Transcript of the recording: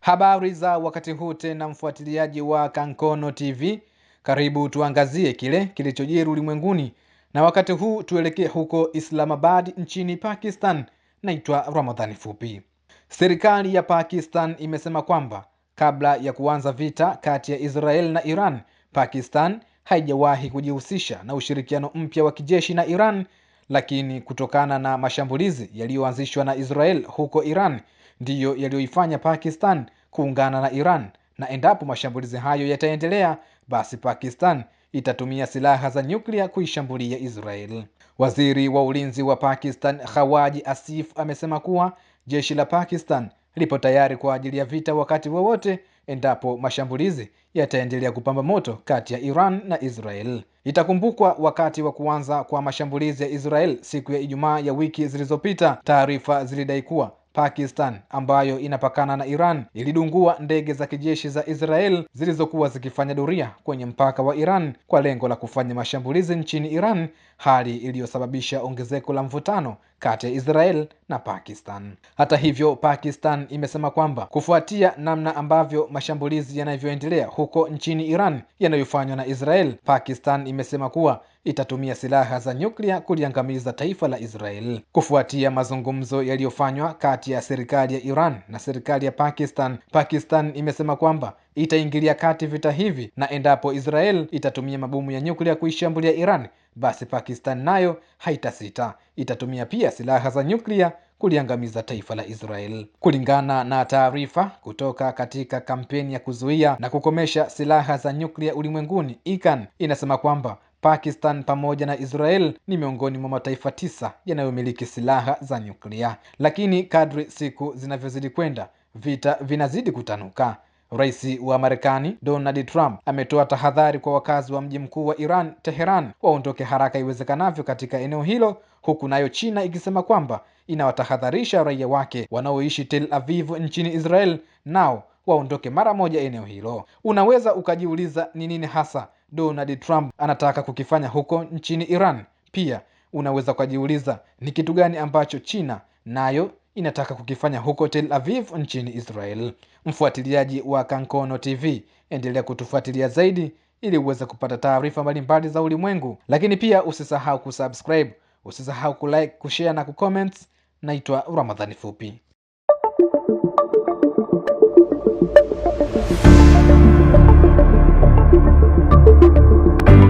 Habari za wakati huu tena, mfuatiliaji wa Kankono TV, karibu tuangazie kile kilichojiri ulimwenguni, na wakati huu tuelekee huko Islamabad nchini Pakistan. Naitwa Ramadhani Fupi. Serikali ya Pakistan imesema kwamba kabla ya kuanza vita kati ya Israel na Iran, Pakistan haijawahi kujihusisha na ushirikiano mpya wa kijeshi na Iran, lakini kutokana na mashambulizi yaliyoanzishwa na Israel huko Iran ndiyo yaliyoifanya Pakistan kuungana na Iran, na endapo mashambulizi hayo yataendelea, basi Pakistan itatumia silaha za nyuklia kuishambulia Israel. Waziri wa ulinzi wa Pakistan Khawaja Asif amesema kuwa jeshi la Pakistan lipo tayari kwa ajili ya vita wakati wowote endapo mashambulizi yataendelea kupamba moto kati ya Iran na Israel. Itakumbukwa wakati wa kuanza kwa mashambulizi ya Israel siku ya Ijumaa ya wiki zilizopita, taarifa zilidai kuwa Pakistan ambayo inapakana na Iran ilidungua ndege za kijeshi za Israel zilizokuwa zikifanya doria kwenye mpaka wa Iran kwa lengo la kufanya mashambulizi nchini Iran, hali iliyosababisha ongezeko la mvutano kati ya Israel na Pakistan. Hata hivyo, Pakistan imesema kwamba kufuatia namna ambavyo mashambulizi yanavyoendelea huko nchini Iran yanayofanywa na Israel, Pakistan imesema kuwa itatumia silaha za nyuklia kuliangamiza taifa la Israel kufuatia mazungumzo yaliyofanywa kati ya serikali ya Iran na serikali ya Pakistan. Pakistan imesema kwamba itaingilia kati vita hivi na endapo Israel itatumia mabomu ya nyuklia kuishambulia Iran, basi Pakistan nayo haitasita, itatumia pia silaha za nyuklia kuliangamiza taifa la Israel. Kulingana na taarifa kutoka katika kampeni ya kuzuia na kukomesha silaha za nyuklia ulimwenguni, ICAN inasema kwamba Pakistan pamoja na Israel ni miongoni mwa mataifa tisa yanayomiliki silaha za nyuklia. Lakini kadri siku zinavyozidi kwenda, vita vinazidi kutanuka. Rais wa Marekani Donald Trump ametoa tahadhari kwa wakazi wa mji mkuu wa Iran, Teheran, waondoke haraka iwezekanavyo katika eneo hilo, huku nayo China ikisema kwamba inawatahadharisha raia wake wanaoishi Tel Aviv nchini Israel nao waondoke mara moja eneo hilo. Unaweza ukajiuliza ni nini hasa Donald Trump anataka kukifanya huko nchini Iran. Pia unaweza ukajiuliza ni kitu gani ambacho China nayo inataka kukifanya huko Tel Aviv nchini Israel. Mfuatiliaji wa Kankono TV, endelea kutufuatilia zaidi ili uweze kupata taarifa mbalimbali za ulimwengu, lakini pia usisahau kusubscribe, usisahau kulike, kushare na kucomment. Naitwa Ramadhani Fupi.